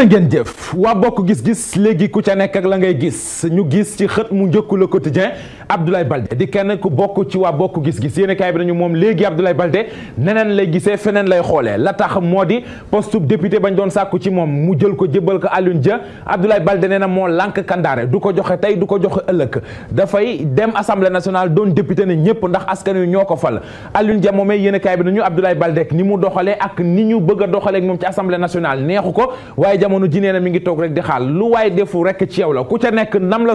jërë ngeen jëf waa bokk gis-gis léegi ku ca nekk ak la ngay gis ñu gis ci xët mu njëkku le quotidien Abdoulaye di kenn ku bokk ci waa bokk gis-gis yéen kaay bi nañu moom léegi Abdoulaye Baldé neneen lay gisee feneen lay xoolee la tax moo di poste député bañ doon sàkku ci moom mu jël ko jëbal ko Alioune Dia Abdoulaye Baldé nee na moo lànk kandaare du ko joxe tey du ko joxe ëllëg dafay dem assemblée nationale doon député ne ñëpp ndax askan wi ñoo ko fal Alioune Dia moomee yéen kaay bi nañu Abdoulaye Baldé ni mu doxalee ak ni ñu bëgg a doxalee moom ci assemblée nationale neexu ko waaye jamono ji nee na mi ngi toog rek di xaar lu waay defu rek ci yow la ku ca nekk nam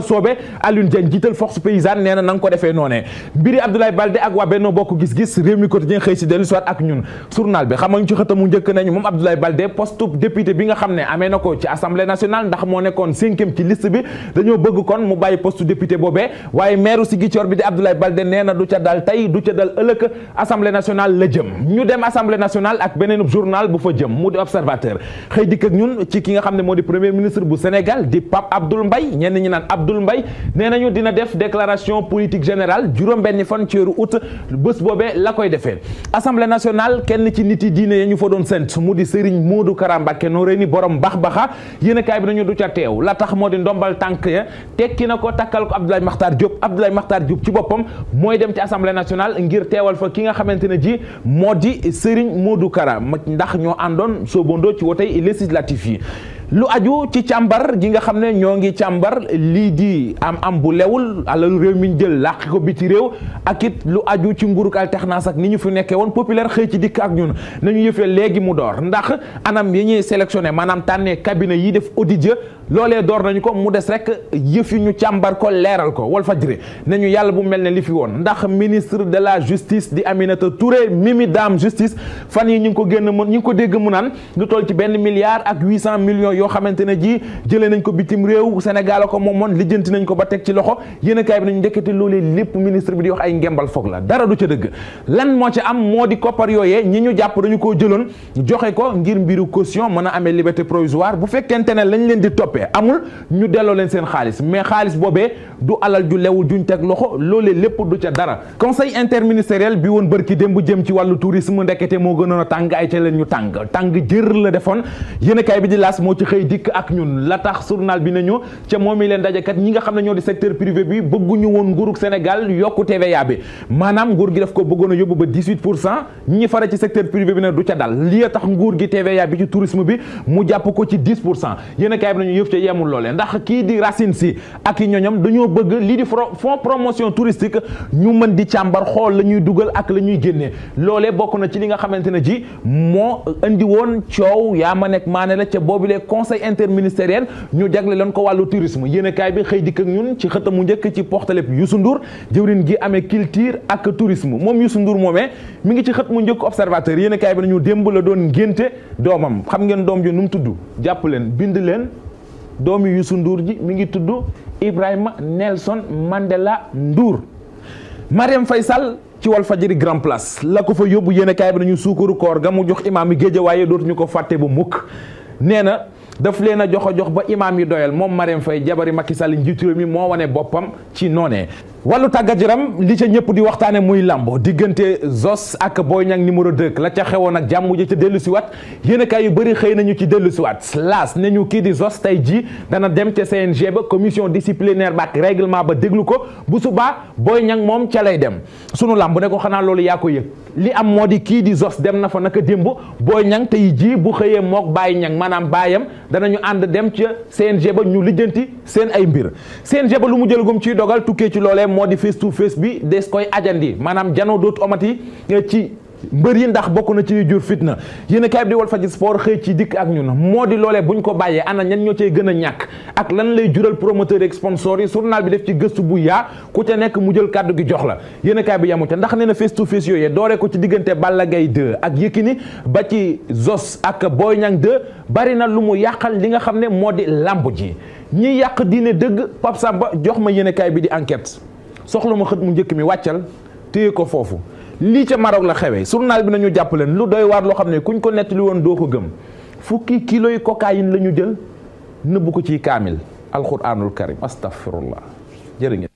moom Abdoulaye Baldé poste député bi nga xam ne amee na ko ci assemblée nationale ndax moo nekkoon ci liste bi dañoo bëgg kon mu bàyyi poste député boobee waaye maire Ziguinchor bi di Abdoulaye Baldé nee na du ca dal tey du ca dal ëllëg assemblée nationale la jëm ñu dem assemblée nationale ak beneen journal bu fa jëm mu di observateur xëy dikk ak ñun ci ki nga xam ne moo di premier ministre bu Sénégal di pap Abdoul mbay ñenn ñi naan Abdoul mbay nee nañu dina def déclaration politique général juróom-benni fan ci weeru bés boobee la koy defee assemblée nationale kenn ci nit yi diine ya ñu fa doon sent mu di Serigne Modou Kara Mbacké Noreyni borom baax baxa yéen a kaay bi nañu du ca teew la tax moo di ndombal tànk ya tekki na ko takkal ko Abdoulaye Makhtar Diop Abdoulaye Makhtar Diop ci boppam mooy dem ci assemblée nationale ngir teewal fa ki nga xamante ne ji moo di Serigne Modou Kara ndax ñoo àndoon soobandoo ci wotey législatif yi lu aju ci càmbar gi nga xam ne ñoo ngi càmbar lii di am am bu lewul alalu réew mi ñu jël làq ko biti réew ak it lu aju ci tex na ak ni ñu fi nekkee woon populaire xëy ci dikk ak ñun ñu yëfee léegi mu door ndax anam yi ñuy sélectionné maanaam tànnee cabinet yi def audit loolee door nañu ko mu des rek yëf yu ñu càmbar ko leeral ko wal fajri ne ñu yàlla bu mel ne li fi woon ndax ministre de la justice di Aminata Touré Mimi Dame justice fan yi ñu ngi ko génn mën ñu ngi ko dégg mu naan lu toll ci benn milliard ak huit cent millions yoo xamante ne ji jëlee nañ ko bitim réew Sénégal ko moomoon lijjanti nañ ko ba teg ci loxo yéen a kaay bi nañu ndekkati loolee lépp ministre bi di wax ay ngembal foog la dara du ca dëgg lan moo ci am moo di koppar yooyee ñi ñu jàpp dañu koo jëloon joxe ko ngir mbiru caution mën a amee liberté bu fekkente ne lañ leen di topp toppee amul ñu delloo leen seen xaalis mais xaalis boobee du alal ju lewul juñ teg loxo loolee lépp du ca dara conseil interministériel bi woon bërki démb jëm ci wàllu tourisme ndekete moo gënoon a tàng ay ca leen ñu tàng tàng jër la defoon yéenekaay bi di laas moo ci xëy dikk ak ñun la tax journal bi nañu ca moom mi leen dajekat ñi nga xam ne ñoo di secteur privé bi bëgguñu woon nguurug Sénégal yokku TVA bi maanaam nguur gi daf ko bëggoon a yóbbu ba ñi fare yëf ca yemul loolee ndax kii di Racine Sy ak i ñoñam dañoo bëgg lii di fonds promotion touristique ñu mën di càmbar xool la ñuy dugal ak la ñuy génnee loolee bokk na ci li nga xamante ne ji moo indi woon coow yaa ma nekk maane la ca boobule conseil interministériel ñu jagle leen ko wàllu tourisme yéenekaay bi xëy dikk ak ñun ci mu njëkk ci portaleb Youssou Ndour jëwrin gi amee culture ak tourisme moom Youssou Ndour moomee mu ngi ci xët mu njëkk observateur yéenekaay bi nañu démb doon ngénte doomam xam ngeen doom ji nu mu tudd jàpp leen bind leen doomi Youssou nduur ji mi ngi tudd Ibrahima Nelson Mandela nduur Mariam fay Sall ci Walfadjri Grand Place la ko fa yóbbu yéen bi kaay bi suukaru koor ga mu jox imaam yi géejawaay dootuñu ko fàtte bu mukk nee na daf leen a jox jox ba imaam yi doyal moom Marème fay jabari Macky Sall njiitu réew mi moo wane boppam ci noonee wàllu tàgga yaram li ca ñëpp di waxtaane muy lambo diggante Zos ak Boy Niang numéro 2 la ca xewoon ak jàmm ji ca dellu siwaat yéenekaay yu bëri xëy nañu ci dellu siwaat laas ne ñu kii di sos tey ji dana dem ca CNG ba commission disciplinaire ba ak règlement ba déglu ko bu subaa Boy Niang moom ca lay dem sunu lamb ne ko xanaa loolu yaa ko yëg am moo di kii di Zos dem na fa naka démb Boy Niang tey ji bu xëyee mook Baye Niang maanaam baayam danañu ànd dem ca CNG ba ñu lijjanti seen ay mbir seen ba lu mu jëlagum ciy dogal tukkee ci loolee moo di face to face bi des koy ajandi maanaam janoo doot omati eh, ci mbër yi ndax bokk na ci jur fitna yéen bi di wal faji sport xëy ci dikk ak ñun moo di loole buñ ko bàyyee ana ñan ñoo cey gën a ñàkk ak lan lay jural promoteur ak sponsor yi journal bi def ci gëstu bu yaa ku ca nekk mu jël kàddu gi jox la yéen a kaay bi yamu ca ndax nee na face to face yooyee dooree ko ci diggante Balla Gaye 2 ak Yékini ba ci Zos ak Boy Niang 2 bari na lu mu yàqal li nga xam ne moo di làmb ji ñi yàq diine dëgg Pape Samba jox ma yéen bi di enquête soxla ma xët mu njëkk mi wàccal téye ko foofu lii ca Maroc la xewee surnaal bi nañu jàpp leen lu doy waat loo xam ne kuñ ko nettali woon doo ko gëm fukki kilo yi cocaïne la ñu jël nëbbu ko ciy kaamil alxuraanul karim astafirullah jërë ngeen